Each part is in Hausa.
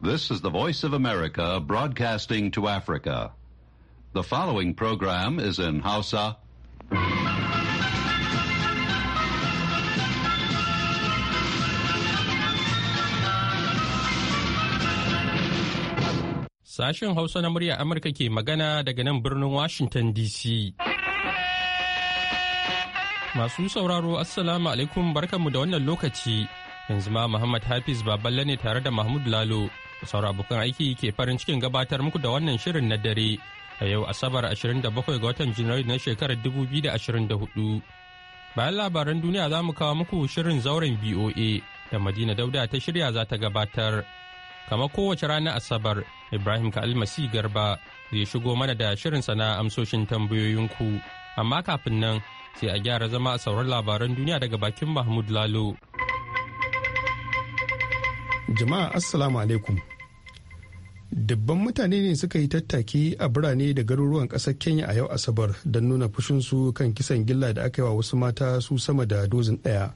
This is the Voice of America broadcasting to Africa. The following program is in Hausa. Sashen Hausa na murya Amurka ke magana daga nan birnin Washington DC. Masu sauraro Assalamu alaikum barkanmu da wannan lokaci. Yanzu ma Muhammad Hafiz Baballe ne tare da Mahmud Lalo sauran abokan aiki ke farin cikin gabatar muku da wannan shirin na dare a yau asabar 27 ga watan janairu na shekarar 2024 bayan labaran duniya za mu kawo muku shirin zauren boa da madina dauda ta shirya za ta gabatar kama kowace rana asabar ibrahim kalmasi garba zai shigo mana da shirin sana amsoshin tambayoyinku amma kafin nan sai a gyara zama a sauran labaran duniya daga bakin mahmud lalo jama'a assalamu alaikum dubban mutane ne suka yi tattaki a birane da garuruwan ƙasar kenya a yau asabar don nuna fushinsu kan kisan gilla da aka yi wa wasu mata su sama da dozin ɗaya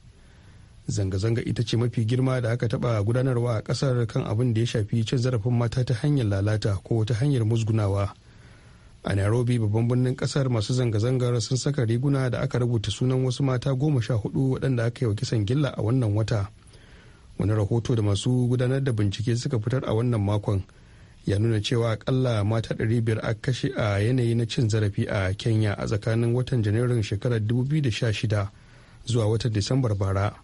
zanga-zanga ita ce mafi girma da aka taɓa gudanarwa a ƙasar kan abin da ya shafi cin zarafin mata ta hanyar lalata ko ta hanyar musgunawa a nairobi babban birnin ƙasar masu zanga-zangar sun saka riguna da aka rubuta sunan wasu mata goma sha hudu waɗanda aka yi wa kisan gilla a wannan wata wani rahoto da masu gudanar da bincike suka fitar a wannan makon ya nuna cewa akalla mata 500 a kashe a yanayi na cin zarafi a kenya a tsakanin watan janairun shekarar 2016 zuwa watan disambar bara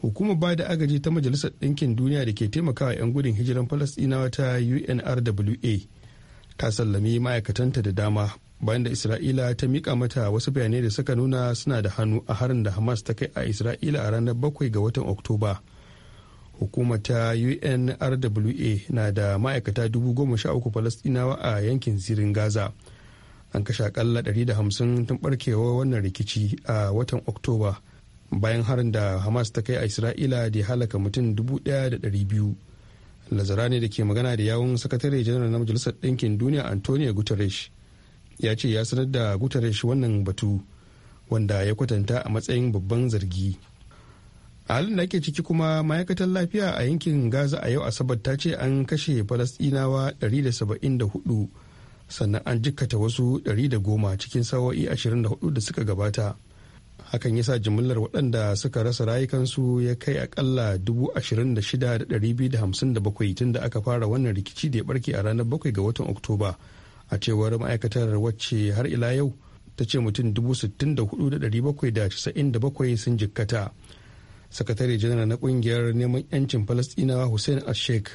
hukumar ba da agaji ta majalisar ɗinkin duniya da ke taimakawa 'yan gudun hijiran falastinawa ta unrwa ta sallami ma'aikatanta da dama bayan da isra'ila ta mika mata wasu bayanai da suka nuna suna da hannu a harin da hamas ta kai a isra'ila a ranar 7 ga watan oktoba hukumar ta unrwa na da ma'aikata dubu uku falastinawa a yankin zirin gaza an kashe akalla 150 tun barkewa wannan rikici a watan oktoba bayan harin da hamas ta kai a isra'ila da ya halaka mutum biyu lazara ne da ke magana da yawun sakatare janar na majalisar ɗinkin duniya antonio guterres ya ce ya sanar da guterres wannan batu wanda ya kwatanta a matsayin babban zargi a halin da ake ciki kuma ma'aikatar lafiya a yankin gaza a yau asabar ta ce an kashe falasdinawa 174 sannan an jikkata wasu 110 cikin sawo'i 24 da suka gabata hakan ya sa jimillar waɗanda suka rasa rayukansu ya kai akalla 26,257 tun da aka fara wannan rikici da ya barke a ranar 7 ga watan oktoba a cewar ma'aikatar wacce har ila yau ta ce mutum 64,797 sun jikkata sakatare janar na kungiyar neman yancin falastinawa hussein ashek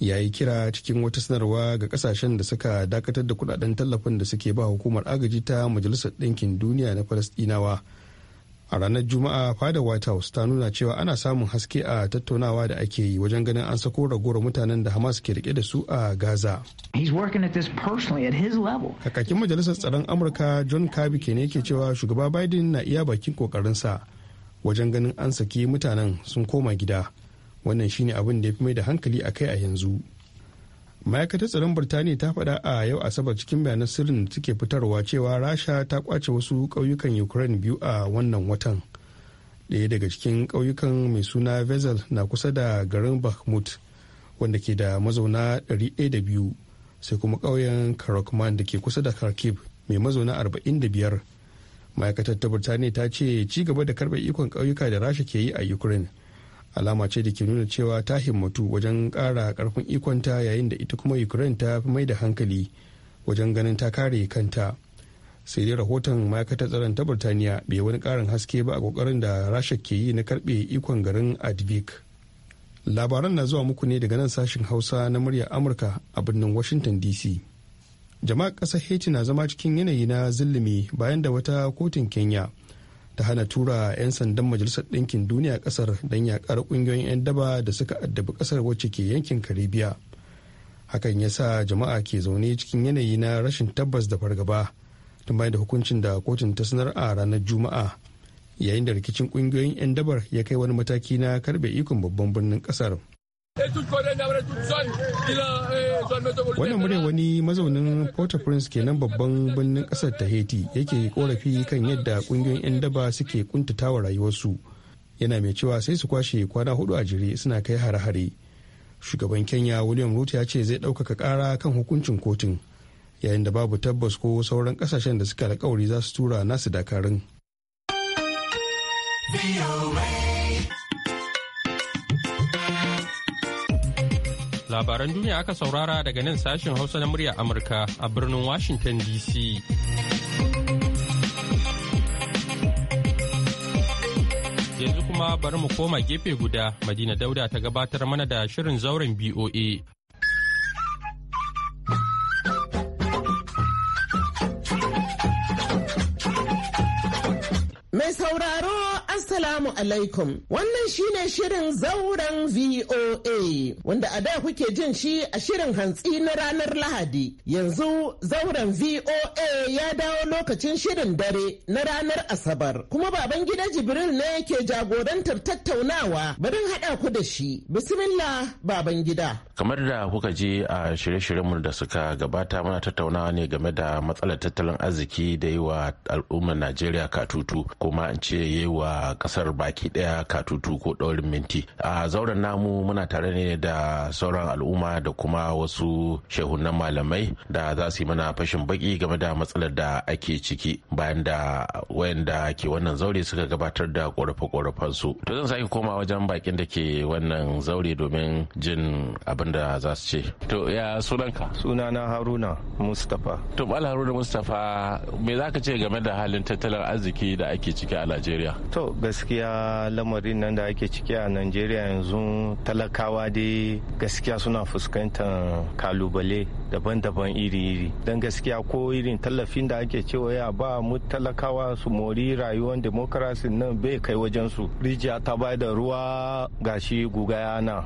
ya yi kira cikin wata sanarwa ga kasashen da suka dakatar da kudaden tallafin da suke ba hukumar agaji ta majalisar ɗinkin duniya na falastinawa a ranar juma'a fada white house ta nuna cewa ana samun haske a tattaunawa da ake yi wajen ganin an sako ragowar mutanen da hamas ke rike da su a gaza kakakin majalisar tsaron amurka john kirby ke ne ke cewa shugaba biden na iya bakin kokarinsa wajen ganin an saki mutanen sun koma gida wannan shine abin da ya fi mai da hankali a kai a yanzu ma'aikatar tsaron birtaniya ta faɗa a yau asabar cikin bayanan sirrin da suke fitarwa cewa rasha ta kwace wasu ƙauyukan ukraine biyu a wannan watan ɗaya daga cikin ƙauyukan mai suna vezel na kusa da garin bakhmut wanda ke da mazauna da biyu sai kuma ƙauyen karokman da ke kusa da kharkiv mai mazauna 45 ma'aikatar ta burtaniya ta ce ci gaba da karbe ikon ƙauyuka da rasha ke yi a ukraine alama ce da ke nuna cewa ta himmatu wajen ƙara ƙarfin ikonta yayin da ita kuma ukraine ta fi mai da hankali wajen ganin ta kare kanta sai dai rahoton ma'aikatar tsaron ta burtaniya bai wani karin haske ba a ƙoƙarin da rasha ke yi na karbe ikon garin advik labaran na zuwa muku ne daga nan sashen hausa na muryar amurka a birnin washington dc jama'a ƙasar haiti na zama cikin yanayi na zillimi bayan da wata kotun kenya ta hana tura 'yan sandan majalisar ɗinkin duniya ƙasar don yaƙar ƙungiyoyin 'yan daba da suka addabi ƙasar wacce ke yankin karibiya hakan ya sa jama'a ke zaune cikin yanayi na rashin tabbas da fargaba tun bayan da hukuncin da kotun ta sanar a ranar juma'a yayin da rikicin ƙungiyoyin 'yan dabar ya kai wani mataki na karbe ikon babban birnin ƙasar. E, Wannan murya wani mazaunin Port-au-Prince kenan babban birnin kasar ta Haiti yake korafi kan yadda kungiyoyin 'yan daba suke kuntatawa rayuwarsu. Yana mai cewa sai su kwashe kwana hudu a jere suna kai hare-hare. Shugaban Kenya William Ruto ya ce zai ɗaukaka ƙara kan hukuncin kotun yayin da babu tabbas ko sauran kasashen da suka alkawari za su tura nasu dakarun. labaran duniya aka saurara daga nan sashen hausa na murya amurka a birnin washington dc yanzu kuma bari mu koma gefe guda madina dauda ta gabatar mana da shirin zauren boa Mai sauraro Assalamu alaikum. Wannan shine shirin zauren VOA wanda a da kuke jin shi a shirin hantsi na ranar Lahadi. Yanzu zauren VOA ya dawo lokacin shirin dare na ranar Asabar. Kuma baban gida Jibril ne yake jagorantar tattaunawa bari haɗa ku da shi. Bismillah baban gida. Kamar da kuka je a shirye-shiryenmu da suka gabata muna tattaunawa ne game da matsalar tattalin arziki da yi wa al'ummar Najeriya katutu. Kuma ma in ce ya wa kasar baki daya katutu ko daurin minti a zauren namu muna tare ne da sauran al'umma da kuma wasu shehunan malamai da za su yi mana fashin baki game da matsalar da ake ciki bayan da wayanda ke wannan zaure suka gabatar da korafe-korafen su to zan sake koma wajen bakin da ke wannan zaure domin jin abin da za su ce to ya sunanka sunana haruna mustapha to haruna mustapha me za ka ce game da halin tattalin arziki da ake ciki ciki a Najeriya? To gaskiya lamarin nan da ake ciki a Najeriya yanzu talakawa dai gaskiya suna fuskantar kalubale daban-daban iri-iri don gaskiya ko irin tallafin da ake cewa ya ba mu talakawa su mori rayuwar demokarasi nan bai kai wajen su rijiya ta ba da ruwa gashi guga yana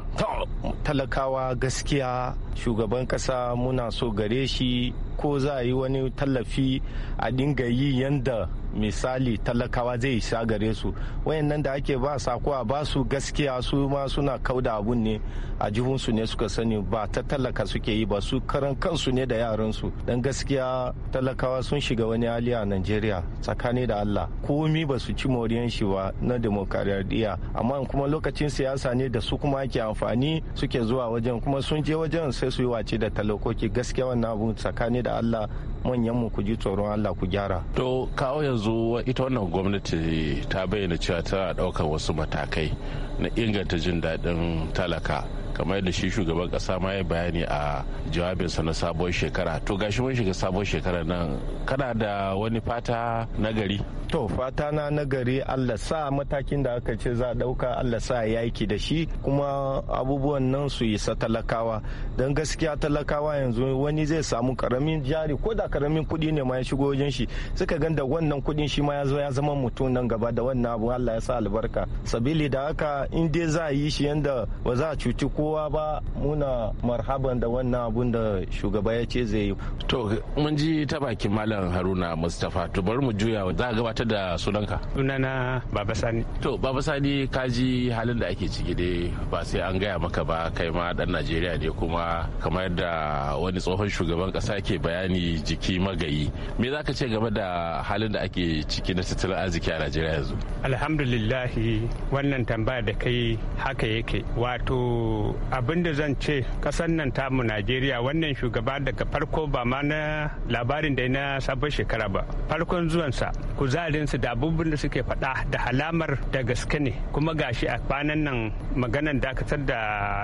talakawa gaskiya shugaban kasa muna so gare shi ko za a yi wani tallafi a dinga yi yanda misali talakawa zai isa gare su wayannan da ake ba sakowa ba su gaskiya su ma suna kauda abun ne a jihunsu ne suka sani ba ta talaka suke yi ba su karan kansu ne da yaransu dan gaskiya talakawa sun shiga wani hali a najeriya tsakani da allah komi ba su ci moriyan shi ba na demokaradiyya amma kuma lokacin siyasa ne da su kuma ake amfani suke zuwa wajen kuma sun je wajen sai su yi wace da talakoki gaskiya wannan abu tsakani da allah manyan mu ku ji tsoron allah ku gyara to kawo yanzu yanzu ita wannan gwamnati ta bayyana cewa tana ɗaukar wasu matakai na inganta jin daɗin talaka kamar yadda shi shugaban kasa ma ya bayani a jawabinsa na sabuwar shekara to gashi mun shiga sabuwar shekara nan kana da wani fata na gari to fata na na gari allah sa matakin da aka ce za a dauka allah sa yaki da shi kuma abubuwan nan su isa talakawa don gaskiya talakawa yanzu wani zai samu karamin jari ko da karamin kuɗi ne ma ya shigo wajen shi suka gan da wannan kuɗin shi ma ya zo ya zama mutum nan gaba da wannan abu allah ya sa albarka sabili da haka in dai za a yi shi yanda ba za a cuci kowa ba muna marhaban da wannan abun da shugaba ya ce zai yi to mun ji ta bakin malam haruna mustapha to bari mu juya za a gabatar da sunanka sunana baba sani to baba sani ka ji halin da ake ciki dai ba sai an gaya maka ba kai ma dan najeriya ne kuma kamar da wani tsohon shugaban kasa ke bayani jiki magayi me za ka ce game da halin da ake ciki na tattalin arziki a najeriya yanzu Alhamdulillahi, wannan tambaya da kai haka yake wato abin da zan ce kasan nan tamu najeriya wannan shugaba daga farko ba ma na labarin da na sabon shekara ba farkon zuwansa kuzarinsu da abubuwan da suke faɗa da halamar da gaske ne kuma gashi a kwanan nan maganan dakatar da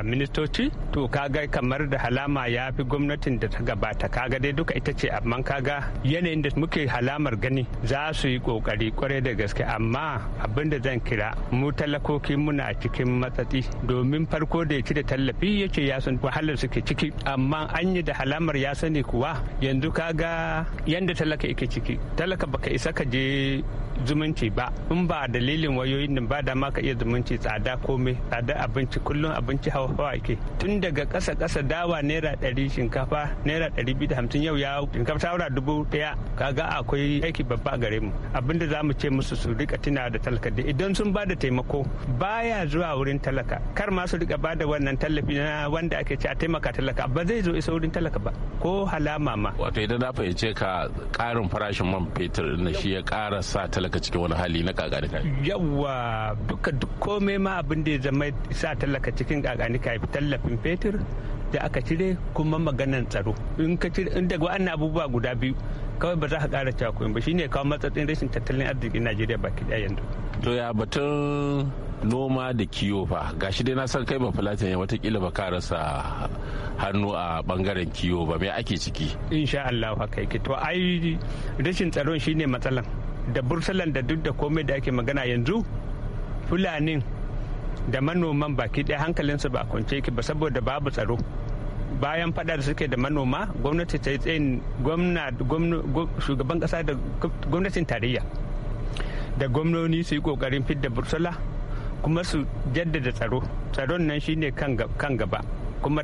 ministoci to kaga kamar da halama ya fi gwamnatin da ta gabata kaga dai duka ita ce amma kaga yanayin da muke halamar gani za su yi kokari kwarai da gaske amma abin da zan kira mu talakoki muna cikin matsatsi domin farko da ya da tallafi ya ya san wahalar suke ciki amma an yi da halamar ya sani kuwa yanzu kaga yadda talaka yake ciki talaka baka isa ka je zumunci ba in ba dalilin wayoyin nan ba dama ka iya zumunci tsada komai tsada abinci kullum abinci hawa hawa ake tun daga kasa kasa dawa naira ɗari shinkafa naira ɗari biyu da hamsin yau ya shinkafa ta wura dubu ɗaya kaga akwai aiki babba gare mu abinda za mu ce musu su rika tuna da talaka idan sun ba da taimako baya zuwa wurin talaka kar ma su rika ba da wannan wannan tallafi na wanda ake ce a taimaka talaka ba zai zo isa wurin talaka ba ko halama ma wato idan na fahimce ka karin farashin man fetur na shi ya kara sa talaka cikin wani hali na kakani kai yawa duka duk komai ma abin da ya zama sa talaka cikin kakani kai tallafin fetur da aka cire kuma maganan tsaro in ka cire in daga wa'annan abubuwa guda biyu kawai ba za ka ƙara cewa ba shine kawo matsatsin rashin tattalin arzikin najeriya baki ɗaya yanzu to ya batun noma da kiwo fa gashi dai na san kai ba filatin ya watakila ba ka rasa hannu a bangaren kiwo ba me ake ciki insha Allah haka yake to ai rashin tsaron shine matsalan da bursalan da duk da komai da ake magana yanzu fulanin da manoman baki ɗaya hankalinsu ba kwance yake ba saboda babu tsaro bayan fada da suke da manoma gwamnati ta yi tsayin shugaban kasa da gwamnatin tarayya da gwamnoni su yi kokarin fidda bursala kuma su jaddada tsaro tsaron nan shine kan gaba kuma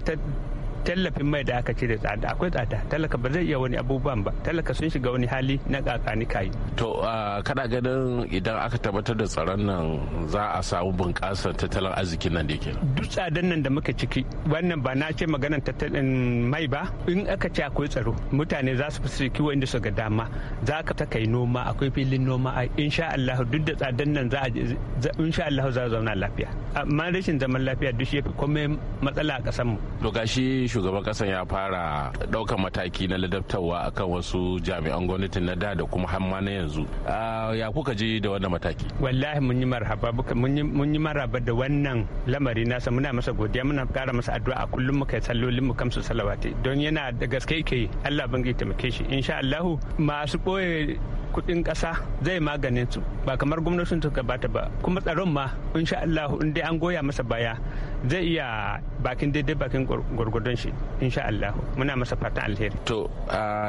tallafin mai da aka ce da tsada akwai tsada talaka ba zai iya wani abubuwan ba talaka sun shiga wani hali na kakani kayi to uh, kada ganin idan aka tabbatar da tsaron nan za a samu bunƙasar tattalin arzikin nan da yake duk tsadan nan da muka ciki wannan ba na ce maganar tattalin mai ba in aka ce akwai tsaro mutane za su fi kiwo wanda su ga dama za ka ta kai noma akwai filin noma insha Allah duk da tsadan nan za a insha Allah za a zauna lafiya amma rashin zaman lafiya duk shi komai matsala a ƙasar mu to gashi shugaban kasan ya fara ɗaukan mataki na ladabtarwa akan wasu jami'an gwamnati na da da kuma hamma na yanzu ya kuka ji da wannan mataki wallahi mun yi marhaba mun yi marhaba da wannan lamari nasa muna masa godiya muna kara masa addu'a a kullum muka sallolin mu kamsu salawati don yana da gaske ke Allah bangi taimake shi insha Allah masu boye kuɗin ƙasa zai maganin su ba kamar gwamnatin ka gabata ba kuma tsaron ma insha Allah in dai an goya masa baya zai iya bakin daidai bakin gwargwadon shi insha Allah muna masa fatan alheri to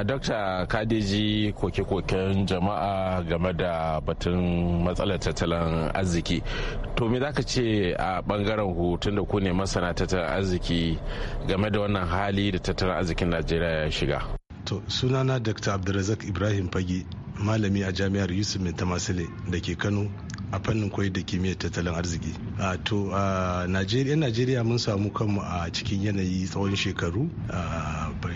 dokta kadeji koke-koken jama'a game da batun matsalar tattalin arziki to me zaka ce a bangaren ku da ku ne masana tattalin arziki game da wannan hali da tattalin arzikin Najeriya ya shiga to sunana dr abdulrazak ibrahim fage malami a jami'ar yusuf mai tamasile da ke kano a fannin koyi da kimiyyar tattalin arziki a to a najeriya najeriya mun samu kanmu a cikin yanayi tsawon shekaru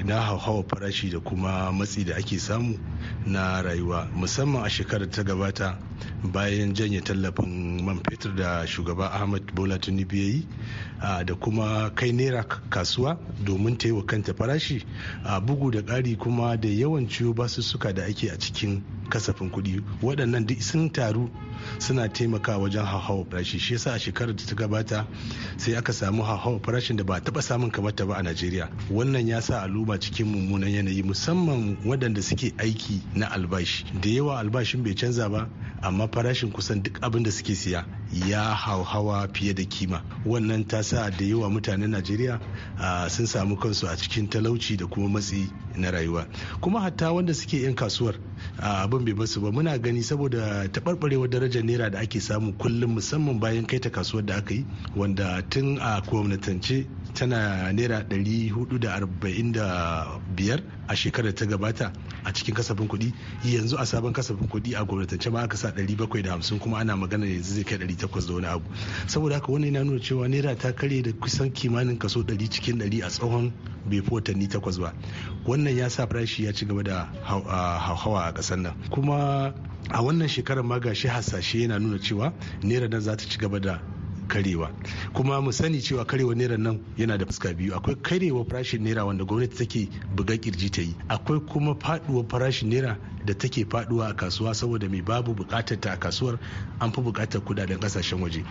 na hauhawa farashi da kuma matsi da ake samu na rayuwa musamman a shekarar ta gabata bayan janye tallafin man fetur da shugaba ahmad bola tinubu ya yi da kuma kai naira kasuwa domin ta yi wa kanta farashi bugu da ƙari kuma da yawan ciwo basussuka da ake a cikin kasafin kuɗi waɗannan duk sun taru suna taimakawa wajen hauhawar farashi shi yasa a shekarar da ta gabata sai aka samu hauhawar farashin da ba a taɓa samun kamar ta ba a najeriya wannan ya sa aluma cikin mummunan yanayi musamman waɗanda suke aiki na albashi da yawa albashin bai canza ba amma farashin kusan duk abin da suke siya ya hauhawa fiye da kima wannan ta sa da yawa mutanen najeriya ah, sun samu kansu a cikin talauci da kuma matsi na rayuwa kuma hatta wanda suke 'yan kasuwar abin bai basu ba muna gani saboda taɓarɓarewar darajar naira da ake samu kullum musamman bayan kai ta kasuwar da aka yi wanda tun a gwamnatance tana naira 445 a shekarar ta gabata a cikin kasafin kuɗi yanzu a sabon kasafin kuɗi a gwamnatance ma aka sa 750 kuma ana magana yanzu zai kai 800 da wani abu saboda haka wannan yana nuna cewa naira ta karye da kusan kimanin kaso 100 cikin 100 a tsohon bai fi watanni takwas ba wannan wannan ya sa farashi ya ci gaba da hauhawa a kasar nan kuma a wannan shekarar ma gashi hasashe yana nuna cewa naira nan za ta ci gaba da karewa kuma mu sani cewa karewa naira nan yana da fuska biyu akwai karewa farashin naira wanda gwamnati take buga kirji ta yi akwai kuma faduwa farashin naira da take faduwa a kasuwa saboda mai babu bukatar ta a kasuwar an fi bukatar kudaden kasashen waje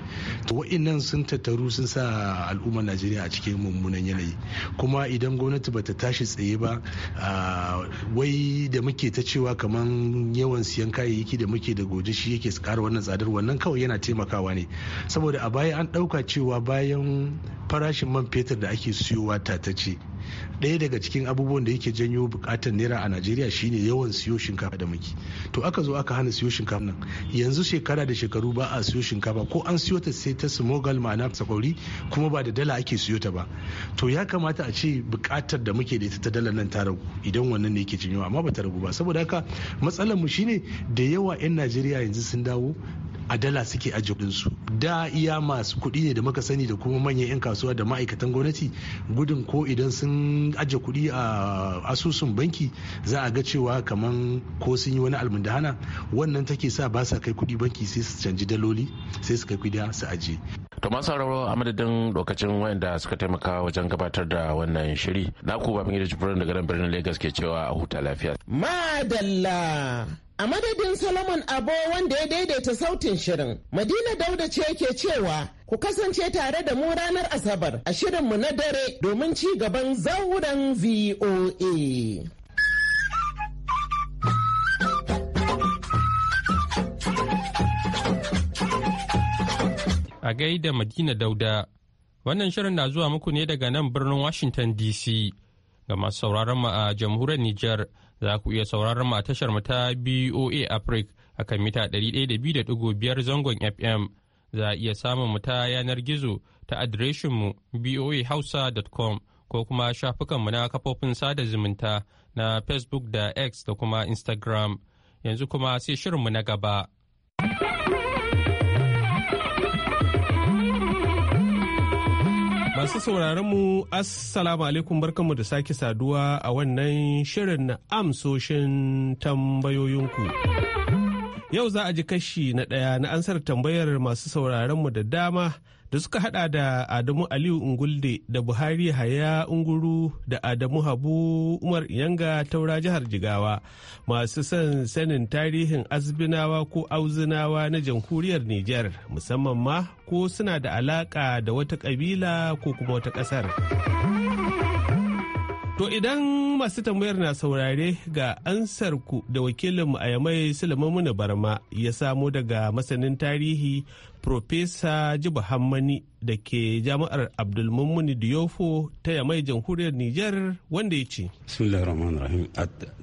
to wa'annan sun tattaru sun sa al'ummar najeriya a cikin mummunan yanayi kuma idan gwamnati bata tashi tsaye ba wai da muke ta cewa kamar yawan siyan kayayyaki da muke da goje shi yake kara wannan tsadar wannan kawai yana taimakawa ne saboda a baya ai an ɗauka cewa bayan farashin man fetur da ake siyowa tatace daya daga cikin abubuwan da yake janyo bukatar naira a najeriya shine yawan siyo shinkafa da muke to aka zo aka hana siyo shinkafa nan yanzu shekara da shekaru ba a siyo shinkafa ko an siyo ta sai ta smogal ma'ana sakwauri kuma ba da dala ake siyo ta ba to ya kamata a ce bukatar da muke da ita ta dala nan ta ragu idan wannan ne yake janyo amma ba ta ragu ba saboda haka matsalar mu shine da yawa 'yan najeriya yanzu sun dawo a dala suke a su da iya masu kuɗi ne da muka sani da kuma manyan 'yan kasuwa da ma'aikatan gwamnati gudun ko idan sun aje kuɗi a asusun banki za a ga cewa kaman ko sun yi wani almundahana wannan take sa ba sa kai kuɗi banki sai su canji daloli sai su kai kuɗi su aje to masu sauraro a madadin lokacin wayanda suka taimaka wajen gabatar da wannan shiri na ku ba da jibrin daga nan birnin lagos ke cewa a huta lafiya madalla A madadin Solomon Abo wanda ya daidaita sautin shirin, Madina Dauda ce ke cewa ku kasance tare da mu ranar Asabar a shirinmu na dare domin ci gaban zauren VOA. A gaida Madina Dauda, wannan shirin na zuwa muku ne daga nan birnin Washington DC ga masu sauraron mu a jamhuriyar Nijar. za ku iya sauraron mu a tashar mu ta BOA Africa akan mita 102.5 zangon FM. Za a iya samun mu ta yanar gizo ta adireshin mu boahausa.com ko kuma shafukan mu na kafofin sada zumunta na Facebook da X da kuma Instagram. Yanzu kuma sai shirinmu na gaba. Masu sauraron mu Assalamu alaikum barkanmu da sake saduwa a wannan shirin amsoshin tambayoyinku. Yau za a ji kashi na ɗaya na ansar tambayar masu sauraronmu da dama da suka hada da Adamu Aliyu Ungulde da Buhari Haya Unguru da Adamu Habu Umar Yanga taura jihar Jigawa masu son sanin tarihin azbinawa ko auzinawa na jamhuriyar niger musamman ma ko suna da alaka da wata ƙabila ko kuma wata ƙasar. To idan masu tambayar na saurare ga ansar ku da wakilinmu a yamai Sulaiman Barma ya samo daga masanin tarihi Profesa Jibu Hammani da ke jami'ar Abdulmumuni Diyofo ta yamai jamhuriyar Nijar wanda ya ce. Bismillahirrahmanirrahim.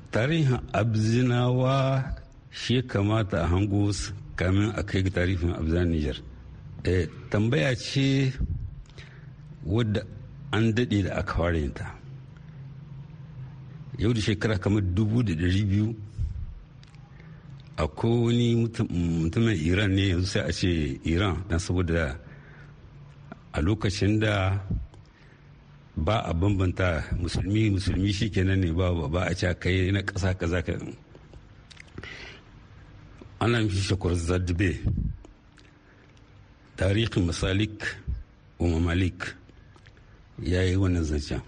Tarihin Abzinawa shi kamata a hango kamin a kai tarihin Abzan Nijar. Eh, tambaya ce wadda an daɗe da aka ware ta. yau da shekara kamar dubu da dari biyu a wani mutumin iran ne yanzu sai a ce iran don saboda a lokacin da ba a bambanta musulmi musulmi shi kenan ne ba a ce kai na kasa kaza ka ana mishi shakur zadbe tarihin masalik wa malik ya yi wannan zancen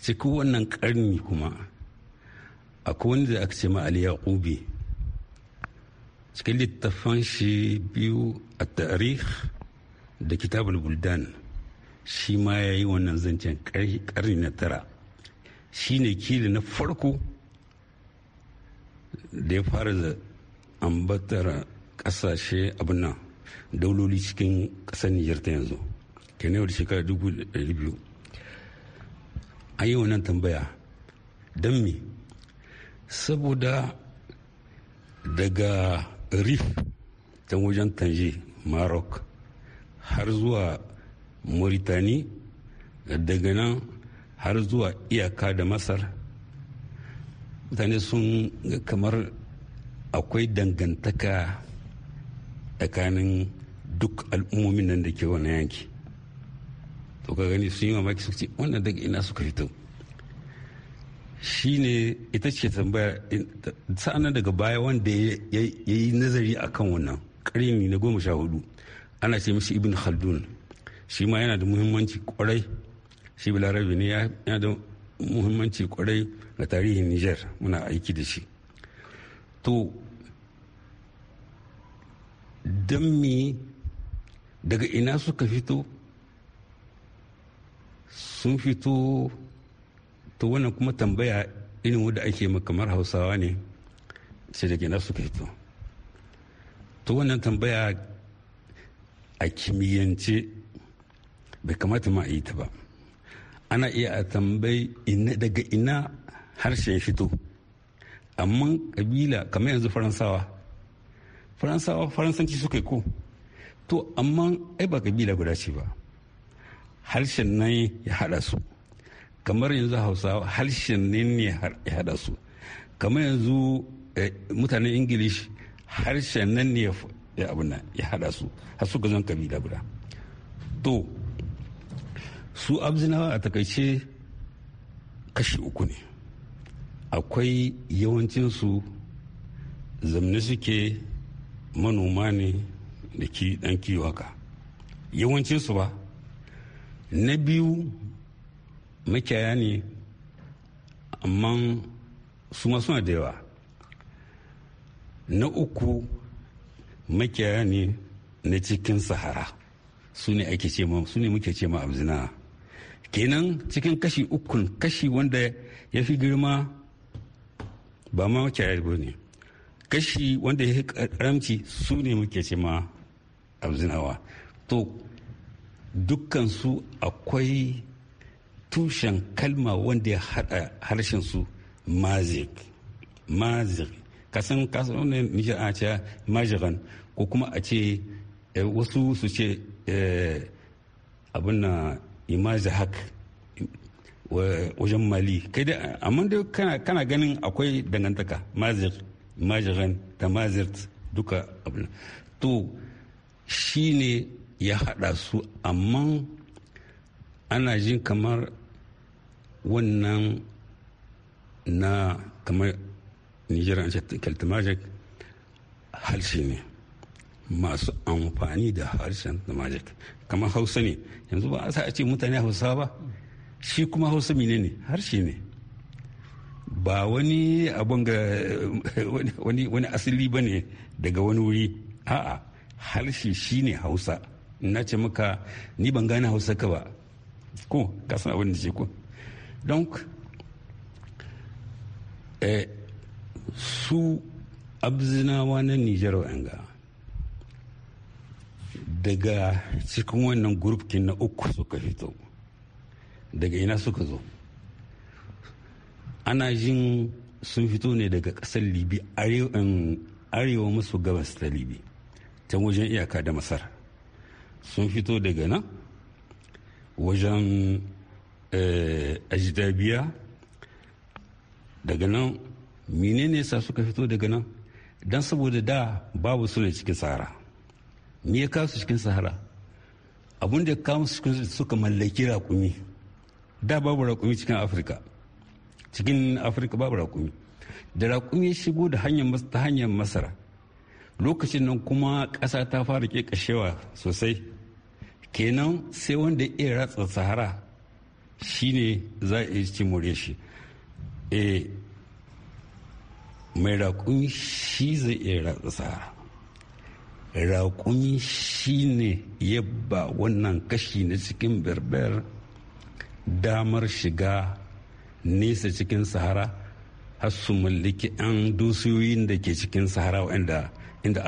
cikin wannan karni kuma akwai da aka ce ma aliya ƙube cikin littafan shi biyu a tarih da kitabul buldan shi ma ya yi wannan zancen karni na tara shi ne kili na farko da ya fara da ambatar kasashe abin nan dauloli cikin kasar nijar ta yanzu kenan yau da shekara dubu biyu a yi wannan tambaya don me saboda daga rif ta wajen tanje maroc har zuwa mauritani daga nan har zuwa iyaka da masar mutane sun kamar akwai dangantaka tsakanin duk al'ummomin nan da ke wani yanki to ka gani sun yi mamaki suka ce wannan daga ina suka fito shi ne ita ce tambaya sa'an daga baya wanda ya yi nazari akan wannan karni na goma sha hudu ana ce mishi ibn khaldun shi ma yana da muhimmanci kwarai shi bilarabi ne yana da muhimmanci kwarai ga tarihin niger muna aiki da shi to don me daga ina suka fito sun fito to wannan kuma tambaya irin wanda ake kamar hausawa ne sai da gina suka fito to wannan tambaya a kimiyyance bai kamata ma a yi ta ba ana iya a tambayi daga ina harshen fito amma kabila kamar yanzu faransawa faransawa faransanci suka yi ko to amma ai ba kabila guda ce ba harshen nan ya haɗa su kamar yanzu hausawa harshen nan ne ya haɗa su kamar yanzu eh, mutanen ingilish harshen nan ne ya haɗa su har su zan kabila guda to su abzinawa a takaice kashi uku ne akwai yawancinsu zamne suke manoma ne da ki dan kiwaka yawancinsu ba na biyu makiyaya ne amma su masu da yawa na uku makiyaya ne na cikin sahara su ne ake ce su ne muke ce ma abzina kenan cikin kashi ukun kashi wanda ya fi girma ba ma makiyaya ba ne kashi wanda ya fi karamci su ne muke ce ma abzinawa to dukkansu akwai tushen kalma wanda ya haɗa harshensu mazik mazik kasan kasuwanin nijar a ce majiran ko kuma a ce eh, wasu su ce eh, abin na imazi hak wajen mali kai da amma dai kana ganin akwai dangantaka mazik majiran da mazirt duka abin to shi ne ya haɗa su amma ana jin kamar wannan na kamar nigeria an ce keltimagic harshe ne masu amfani da harshen magic kamar hausa ne yanzu ba a sa a ce mutane hausa ba shi kuma hausa mine ne harshe ne ba wani abun ga wani asali ba ne daga wani wuri a'a harshe shi ne hausa na ce maka ni ban gane hausa ka ba ko ka san abin da ce ko don eh, su abzinawa na nijar wa'anga daga cikin wannan gurfkin na uku suka fito daga ina suka zo ana jin sun fito ne daga ƙasar libya arewa mm, maso gabas ta libya ta wajen iyaka da masar sun fito daga nan wajen eh, ajidabiya daga nan menene sa suka fito daga nan don saboda da babu su ne cikin sahara me ya su cikin sahara abin da cikin suka mallaki raƙumi da babu raƙumi cikin afirka cikin afirka babu raƙumi da raƙumi ya shigo da hanyar ta hanyar masara lokacin nan kuma ƙasa ta fara ƙeƙashewa sosai kenan sai wanda ya ratsa sahara shine za a iya ci more shi e mai raƙumi shi zai iya ratsa sahara raƙumi shi ne yabba wannan kashi na cikin berber damar shiga nesa cikin sahara har su mallaki 'yan dusiyoyin da ke cikin sahara waɗanda inda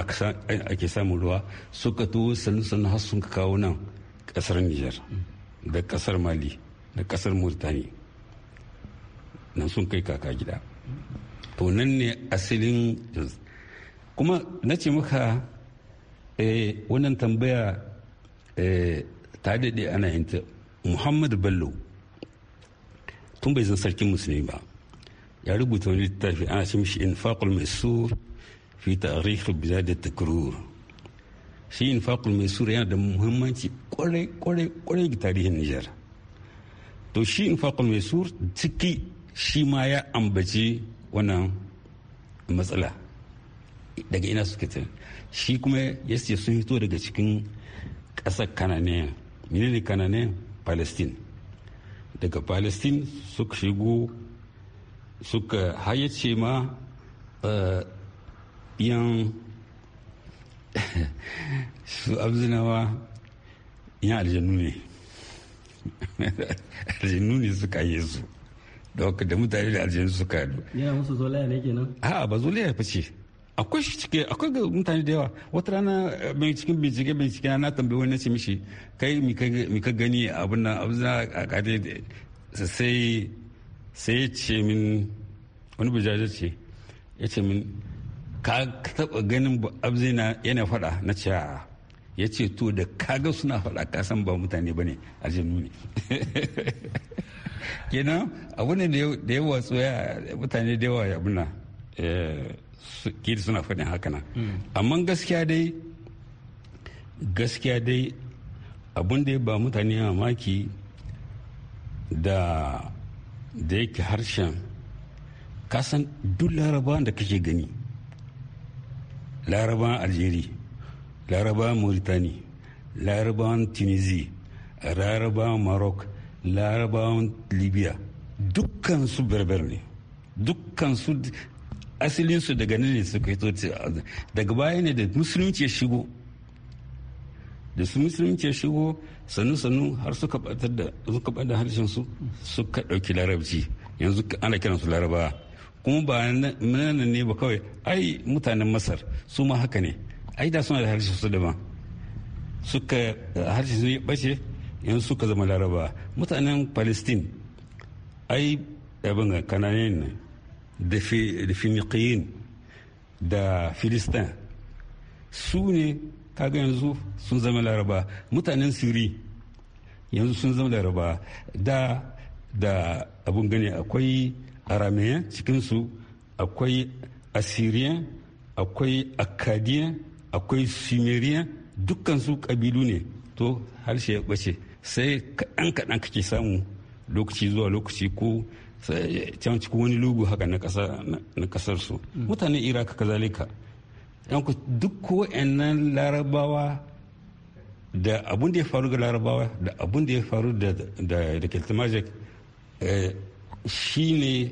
ake samun ruwa suka tuwo sannu sannu har sun kawo nan kasar Nijar da kasar mali da kasar murtani nan sun kai kaka gida to nan ne asalin kuma na ce maka eh, wannan tambaya eh, ta daɗe ana yanta muhammadu bello tun bai zan sarkin musulmi ba ya rubuta wani littafi ana ce mishi infaqul mai fi tarihi da takrur shi infaqul maisur yana da muhimmanci kwarai kwarai kwarai ga tarihin Nijar to shi infaqul maisur ciki shi ma ya ambaci wannan matsala daga ina suka ta shi kuma ya ce sun hito daga cikin ƙasar kananiyan menene kananiyan palestine daga palestine suka shigo suka hayyace ma yan su abzinawa yan aljannu ne aljannu ne suka yi su da da mutane da aljannu suka yi yana musu zolaya ne kenan a'a ba zolaya ya fice akwai shi cike akwai ga mutane da yawa wata rana eh, mai cikin bincike bincike na tambayi wani nace mishi kai mi ka gani abin nan abin a kade sai sai ya ce min wani bujaje ce ya ce min ka taba ganin abzina yana fada na ce ya ce to da kaga suna fada kasan ba mutane ba ne aljanu ne kenan abu ne da yawa tsoya mutane da yawa abuna eh, kiri suna fadin haka nan hmm. amma gaskiya dai gaskiya dai abun da ya ba mutane mamaki da da yake harshen kasan duk ba da kake gani larabawan algeria larabawan mauritani larabawan tunisia larabawan maroc larabawan libya dukkansu berber ne dukkansu su daga nan ne suka hito daga baya ne da musulunci ya shigo da su musulunci ya shigo sannu-sannu har suka batar da harshen su suka ɗauki larabci yanzu ana kiransu larabawa kuma ba nan ne ba kawai ai mutanen masar su ma haka ne ai da suna da harshe su daban suka harshe su ne bace in suka zama laraba mutanen palestine ai abin kananin da finikiyin da filistin su ne kaga yanzu sun zama laraba mutanen siri yanzu sun zama laraba da da abin gani akwai aramayen cikinsu akwai assyrian akwai akkadiyan akwai sumerian dukkansu kabilu ne to harshe ya bace sai kaɗan kaɗan kake samu lokaci zuwa lokaci ko can cikin wani lugu haka na kasar su mm. mutane iraq kazalika duk ko nan larabawa da abun da ya faru ga larabawa da abun da ya faru da keltimajek eh, Shi ne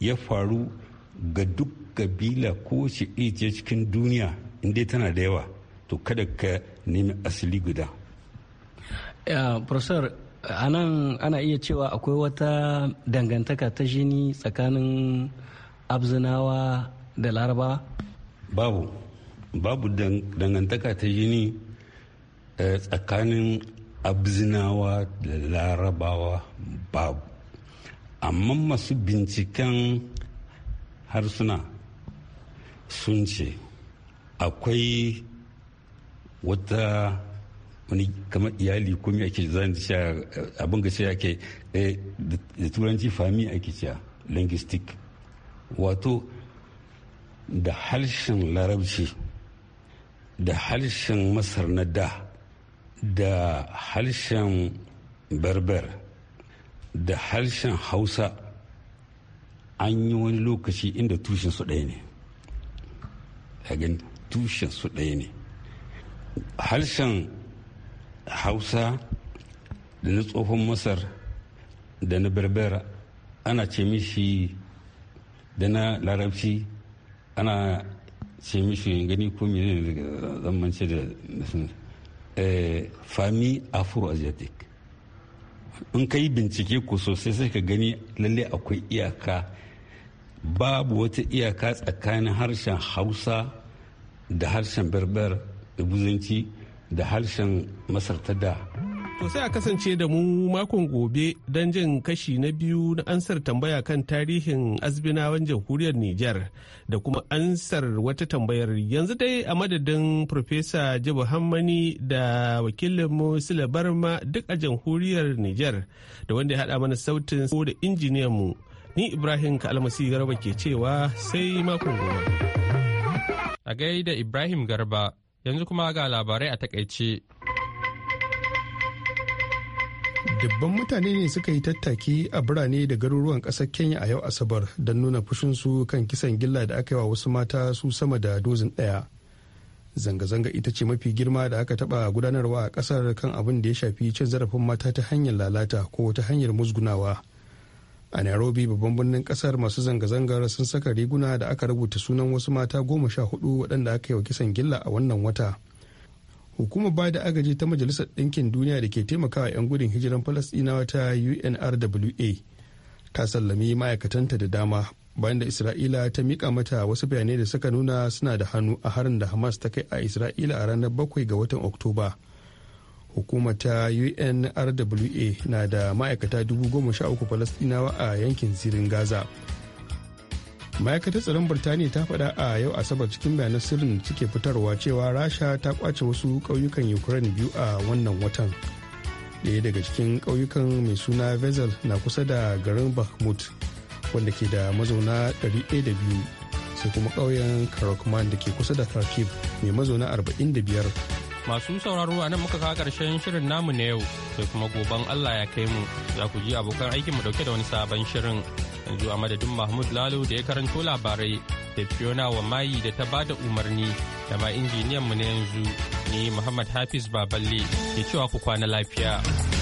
ya faru ga duk kabila ko ce cikin duniya inda tana da yawa to kada ka nemi asali guda profesor anan ana iya cewa akwai wata dangantaka ta jini tsakanin abzinawa da laraba babu babu dangantaka ta jini eh, tsakanin abzinawa da larabawa babu amma masu binciken harsuna sun ce akwai wata wani kamar iyali ko me ake zan abin ga cewa ke eh, da turanci fami ake cewa linguistic wato da harshen larabci da harshen masar na da da harshen berber da harshen hausa an yi wani lokaci inda tushen su ɗaya ne daga tushen su ɗaya ne harshen hausa da na tsohon masar da na berbera ana ce mishi da na larabci ana ce mishi gani ko mene ne zamance da eh, fami afro-asiatic in ka yi bincike ku sosai sai ka gani lalle akwai iyaka babu wata iyaka tsakanin harshen hausa da harshen berber da buzanci da harshen masar ta da To sai a kasance da mu makon gobe don jin kashi na biyu na ansar tambaya kan tarihin azbinawan jamhuriyar Nijar da kuma ansar wata tambayar yanzu dai a madadin Profesa Jabu Hammani da wakilinmu Sule Barma duk a jamhuriyar Nijar da wanda ya haɗa mana sautin da injiniyanmu ni Ibrahim Kalmasi Garba ke cewa sai makon gobe. A gaida Ibrahim Garba yanzu kuma ga labarai a takaice. dubban mutane ne suka yi tattaki a birane da garuruwan kasar kenya a yau asabar don nuna fushinsu kan kisan gilla da aka yi wa wasu mata su sama da dozin daya zanga-zanga ita ce mafi girma da aka taɓa gudanarwa a kasar kan abin da ya shafi cin zarafin mata ta hanyar lalata ko ta hanyar musgunawa a nairobi babban birnin kasar masu zanga-zangar sun saka riguna da aka rubuta sunan wasu mata goma sha hudu waɗanda aka yi wa kisan gilla a wannan wata hukumar ba da agaji ta majalisar ɗinkin duniya da ke taimakawa 'yan gudun hijiran falasɗinawa ta unrwa ta sallami ma'aikatanta da dama bayan da isra'ila ta miƙa mata wasu bayanai da suka nuna suna da hannu a harin da hamas ta kai a isra'ila a ranar 7 ga watan oktoba hukumar ta unrwa na da ma'aikata uku falasɗinawa a yankin zirin gaza ma'aikatar tsaron birtaniya ta faɗa a yau asabar cikin bayanan sirrin suke fitarwa cewa rasha ta kwace wasu ƙauyukan ukraine biyu a wannan watan ɗaya daga cikin ƙauyukan mai suna vezel na kusa da garin bakhmut wanda ke da mazauna 102 sai kuma ƙauyen karakman da ke kusa da kharkiv mai mazauna 45 masu sauraro a nan muka kawo karshen shirin namu na yau sai kuma goban allah ya kai mu za ku ji abokan aikinmu dauke da wani sabon shirin yanzu a madadin mahmud lalo da ya karanto labarai da fiona wa mayi da ta bada umarni da ma injiniyan mu na yanzu ne muhammad hafiz baballe ke cewa ku kwana lafiya.